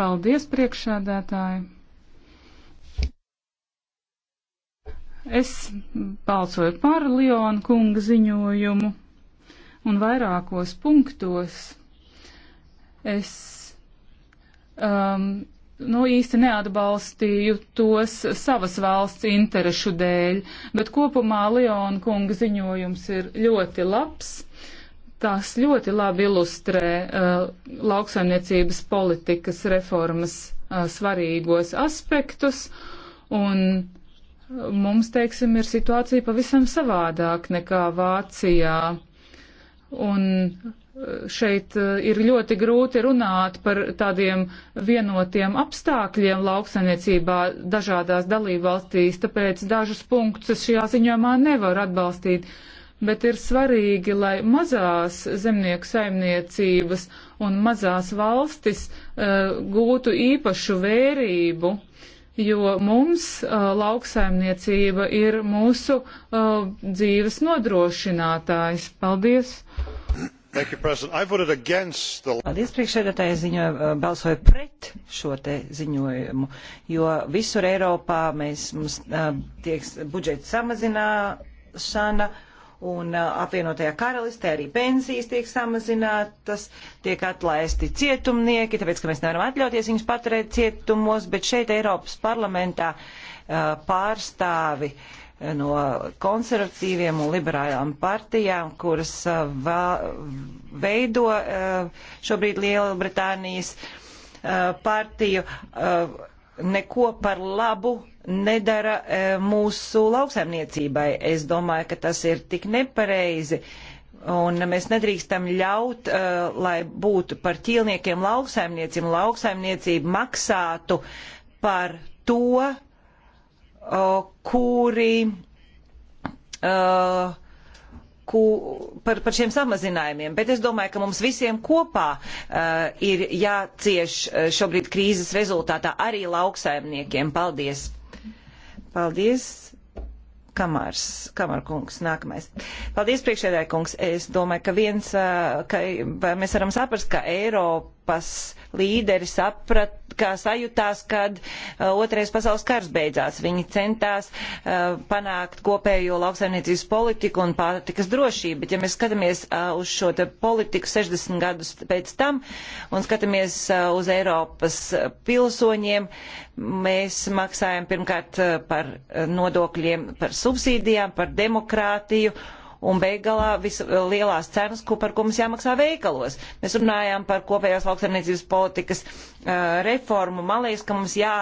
Paldies, priekšsēdētāji! Es balsoju par Lionu kunga ziņojumu un vairākos punktos es um, nu, īsti neatbalstīju tos savas valsts interešu dēļ, bet kopumā Leona kunga ziņojums ir ļoti labs. Tās ļoti labi ilustrē uh, lauksaimniecības politikas reformas uh, svarīgos aspektus, un uh, mums, teiksim, ir situācija pavisam savādāk nekā Vācijā. Un uh, šeit uh, ir ļoti grūti runāt par tādiem vienotiem apstākļiem lauksaimniecībā dažādās dalībvalstīs, tāpēc dažus punktus šajā ziņojumā nevar atbalstīt bet ir svarīgi, lai mazās zemnieku saimniecības un mazās valstis uh, gūtu īpašu vērību, jo mums uh, lauksaimniecība ir mūsu uh, dzīves nodrošinātājs. Paldies! You, the... Paldies, priekšsēdētāji, ziņoju, balsoju pret šo te ziņojumu, jo visur Eiropā mēs, mums tiek budžets samazināšana, un uh, apvienotajā karalistē arī pensijas tiek samazinātas, tiek atlaisti cietumnieki, tāpēc, ka mēs nevaram atļauties viņus paturēt cietumos, bet šeit Eiropas parlamentā uh, pārstāvi uh, no konservatīviem un liberālām partijām, kuras veido šobrīd Lielbritānijas partiju, neko par labu nedara e, mūsu lauksaimniecībai. Es domāju, ka tas ir tik nepareizi. Un mēs nedrīkstam ļaut, e, lai būtu par ķīlniekiem lauksaimniecību, lauksaimniecību maksātu par to, e, kuri, ku, par, par šiem samazinājumiem. Bet es domāju, ka mums visiem kopā ir jācieš šobrīd krīzes rezultātā arī lauksaimniekiem. Paldies! Paldies, Kamārs, Kamāra kungs, nākamais. Paldies, priekšēdāja kungs. Es domāju, ka viens, ka mēs varam saprast, ka Eiropas līderi saprat, kā sajūtās, kad uh, otrais pasaules karš beidzās. Viņi centās uh, panākt kopējo lauksaimniecības politiku un pārtikas drošību, bet ja mēs skatāmies uh, uz šo te politiku 60 gadus pēc tam un skatāmies uz Eiropas pilsoņiem, mēs maksājam pirmkārt par nodokļiem, par subsīdijām, par demokrātiju un beigalā vislielās eh, cenas, ko par ko mums jāmaksā veikalos. Mēs runājām par kopējās lauksaimniecības politikas uh, reformu. Man liekas, ka mums jā,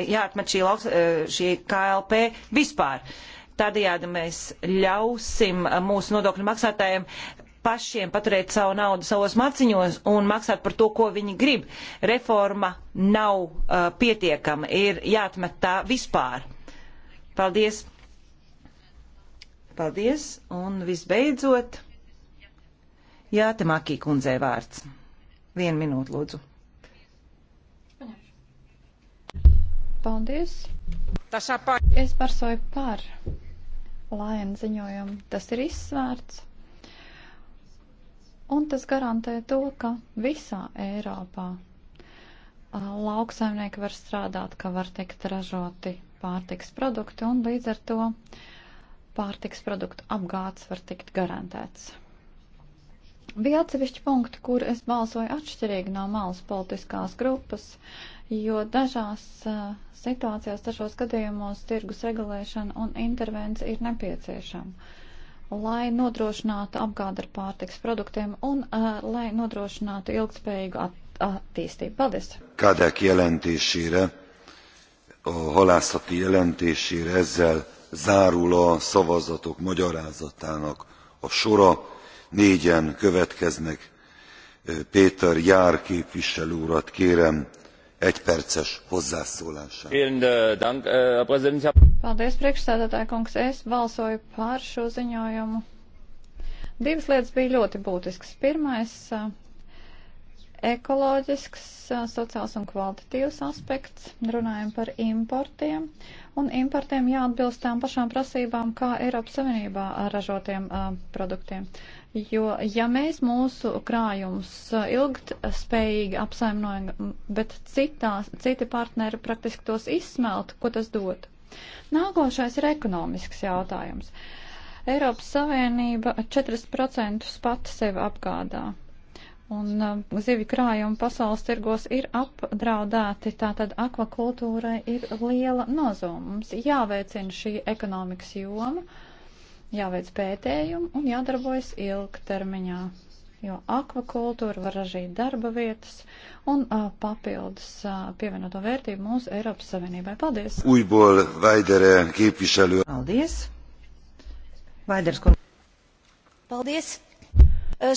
jāatmet šī, lauks, uh, šī KLP vispār. Tādējādi mēs ļausim mūsu nodokļu maksātājiem pašiem paturēt savu naudu savos maciņos un maksāt par to, ko viņi grib. Reforma nav uh, pietiekama, ir jāatmet tā vispār. Paldies! Paldies, un visbeidzot, Jātemakī kundzei vārds. Vienu minūtu, lūdzu. Paldies. Es barsoju par Laina ziņojumu. Tas ir izsvērts. Un tas garantē to, ka visā Eiropā lauksaimnieki var strādāt, ka var tikt ražoti pārtiks produkti un līdz ar to pārtiks produktu apgāds var tikt garantēts. Bija atsevišķi punkti, kur es balsoju atšķirīgi no malas politiskās grupas, jo dažās uh, situācijās, dažos gadījumos tirgus regulēšana un intervence ir nepieciešama, lai nodrošinātu apgādu ar pārtiks produktiem un uh, lai nodrošinātu ilgspējīgu at attīstību. Paldies! Kādēk jelentésére, a halászati jelentésére ezzel zárul a szavazatok magyarázatának a sora négyen következnek péter jahr képviselő urat kérem egyperces hozzászólására. Äh, äh, Paldies, priekšsēdētāja kungs. Es balsoju par šo ziņojumu. Divas lietas bija ļoti būtiskas. Pirmais, äh, ekoloģisks, sociāls un kvalitatīvs aspekts. Runājam par importiem. Un importiem jāatbilst tām pašām prasībām, kā Eiropas Savienībā ražotiem uh, produktiem. Jo, ja mēs mūsu krājumus ilgtspējīgi apsaimnojam, bet citās, citi partneri praktiski tos izsmelt, ko tas dod? Nākošais ir ekonomisks jautājums. Eiropas Savienība 40% pati sevi apgādā Un uh, zivju krājumi pasaules tirgos ir apdraudēti, tātad akvakultūrai ir liela nozoma. Mums jāveicina šī ekonomikas joma, jāveic pētējumi un jādarbojas ilgtermiņā, jo akvakultūra var ražīt darba vietas un uh, papildus uh, pievienoto vērtību mūsu Eiropas Savienībai. Paldies! Ujbol, Vaidere, Paldies! Vaiders, kur... Paldies!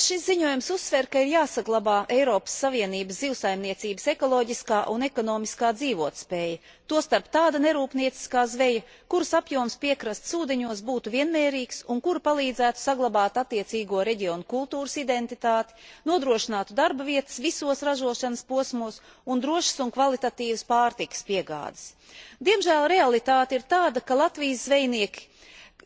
šis ziņojums uzsver ka ir jāsaglabā eiropas savienības zivsaimniecības ekoloģiskā un ekonomiskā dzīvotspēja tostarp tāda nerūpnieciskā zveja kuras apjoms piekrastes ūdeņos būtu vienmērīgs un kura palīdzētu saglabāt attiecīgo reģionu kultūras identitāti nodrošinātu darba vietas visos ražošanas posmos un drošas un kvalitatīvas pārtikas piegādes. diemžēl realitāte ir tāda ka latvijas zvejnieki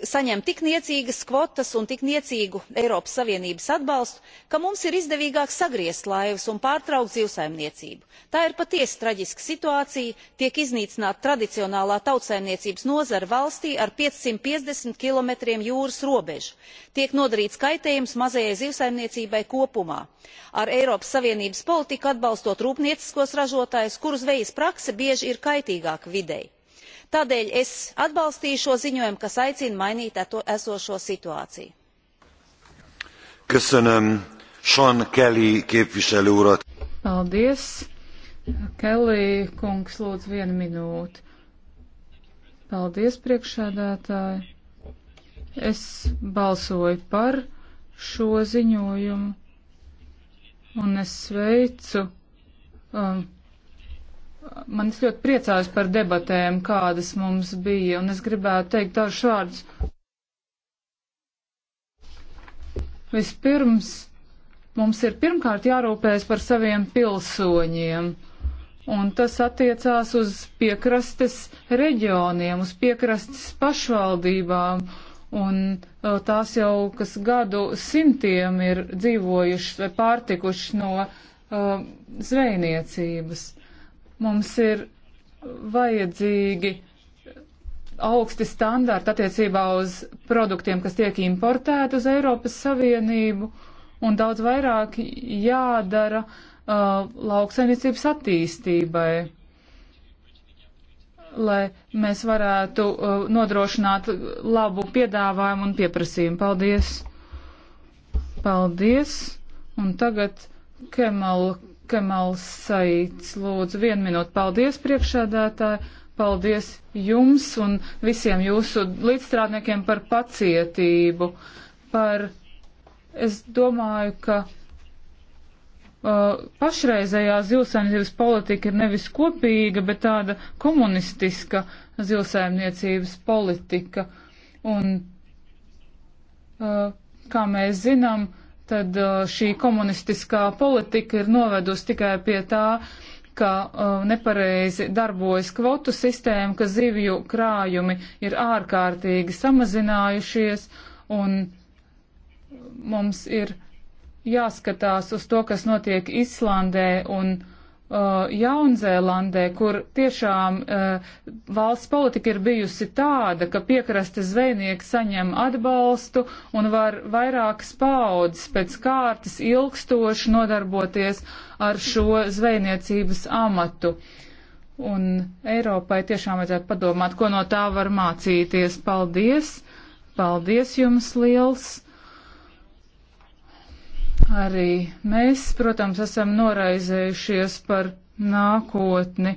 saņem tik niecīgas kvotas un tik niecīgu eiropas savienības atbalstu ka mums ir izdevīgāk sagriezt laivas un pārtraukt zivsaimniecību. tā ir patiesi traģiska situācija tiek iznīcināta tradicionālā tautsaimniecības nozare valstī ar piecsimt piecdesmit kilometriem jūras robežu tiek nodarīts kaitējums mazajai zivsaimniecībai kopumā ar eiropas savienības politiku atbalstot rūpnieciskos ražotājus kuru zvejas prakse bieži ir kaitīgāka videi tādēļ es atbalstīju šo ziņojumu kas aicina mainīt esošo situāciju. Köszönöm Sean Kelly képviselő urat. Paldies. Kelly kungs lūdzu vienu minūti. Paldies priekšsēdētāji. Es balsoju par šo ziņojumu un es sveicu um, Man es ļoti priecājos par debatēm, kādas mums bija, un es gribētu teikt dažus vārdus. Vispirms mums ir pirmkārt jārūpējas par saviem pilsoņiem, un tas attiecās uz piekrastes reģioniem, uz piekrastes pašvaldībām, un e, tās jau, kas gadu simtiem ir dzīvojušas vai pārtikušas no uh, zvejniecības Mums ir vajadzīgi augsti standarti attiecībā uz produktiem, kas tiek importēti uz Eiropas Savienību, un daudz vairāk jādara uh, lauksainiecības attīstībai, lai mēs varētu uh, nodrošināt labu piedāvājumu un pieprasījumu. Paldies! Paldies! Un tagad Kemala Kemals Saīts. Lūdzu, vienu minūtu. Paldies, priekšēdētāji. Paldies jums un visiem jūsu līdzstrādniekiem par pacietību. Par, es domāju, ka uh, pašreizējā zilsaimniecības politika ir nevis kopīga, bet tāda komunistiska zilsaimniecības politika. Un, uh, kā mēs zinām, uh, tad uh, šī komunistiskā politika ir novedusi tikai pie tā, ka uh, nepareizi darbojas kvotu sistēma, ka zivju krājumi ir ārkārtīgi samazinājušies un mums ir jāskatās uz to, kas notiek Islandē un Latvijā uh, Jaunzēlandē, kur tiešām uh, valsts politika ir bijusi tāda, ka piekraste zvejnieki saņem atbalstu un var vairākas paudzes pēc kārtas ilgstoši nodarboties ar šo zvejniecības amatu. Un Eiropai tiešām vajadzētu padomāt, ko no tā var mācīties. Paldies! Paldies jums liels! Arī mēs, protams, esam noraizējušies par nākotni.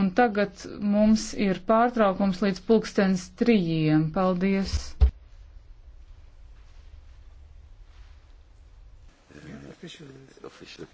Un tagad mums ir pārtraukums līdz pulkstens trījiem. Paldies! Official. Official.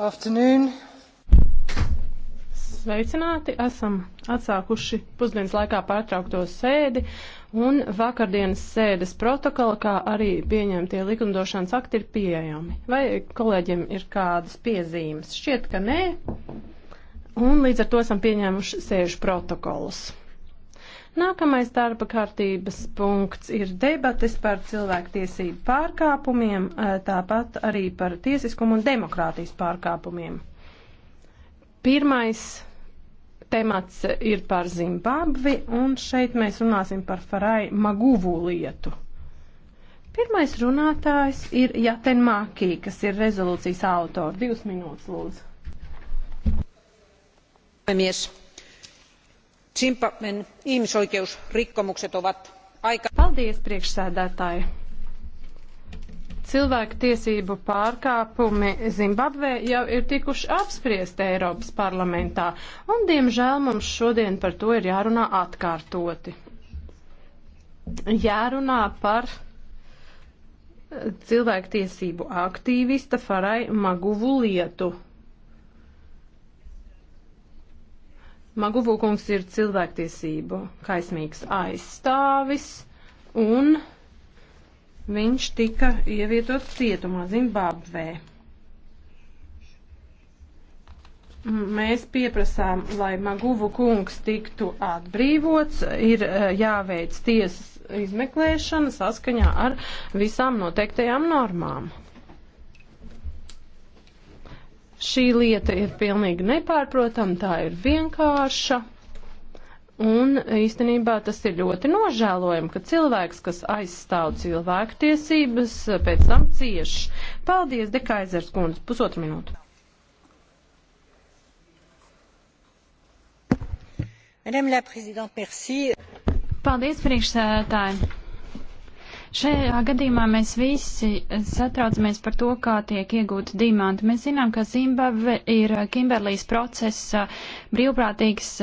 Afternoon. Sveicināti! Esam atsākuši pusdienas laikā pārtraukto sēdi un vakardienas sēdes protokola, kā arī pieņemtie likumdošanas akti ir pieejami. Vai kolēģiem ir kādas piezīmes? Šķiet, ka nē. Un līdz ar to esam pieņēmuši sēžu protokolus. Nākamais darba kārtības punkts ir debates par cilvēktiesību pārkāpumiem, eh, tāpat arī par tiesiskumu un demokrātijas pārkāpumiem. Pirmais temats ir par Zimbabvi, un šeit mēs runāsim par Farai Maguvu lietu. Pirmais runātājs ir Jaten Mākī, kas ir rezolūcijas autori. Divas minūtes, lūdzu. Mies zimbabwen ihmisoikeusrikkomukset ovat aika. paldies priekšsēdētāji! cilvēku tiesību pārkāpumi Zimbabvē jau ir tikuši apspriesti Eiropas parlamentā, un diemžēl mums šodien par to ir jārunā atkārtoti. Jārunā par eh, cilvēku tiesību aktīvista Farai Maguvu lietu. Maguvūkungs ir cilvēktiesību kaismīgs aizstāvis, un viņš tika ievietots cietumā Zimbabvē. Mēs pieprasām, lai Maguvu kungs tiktu atbrīvots, ir e, jāveic tiesas izmeklēšana saskaņā ar visām noteiktajām normām. Šī lieta ir pilnīgi nepārprotama, tā ir vienkārša. Un īstenībā tas ir ļoti nožēlojami, ka cilvēks, kas aizstāv cilvēku tiesības, pēc tam cieš. Paldies, Dekaizers kundze, pusotru minūtu. Madame la Présidente, merci. Paldies, priekšsēdētāji. Šajā gadījumā mēs visi satraucamies par to, kā tiek iegūti dimanti. Mēs zinām, ka Zimbabve ir Kimberlīs procesa brīvprātīgs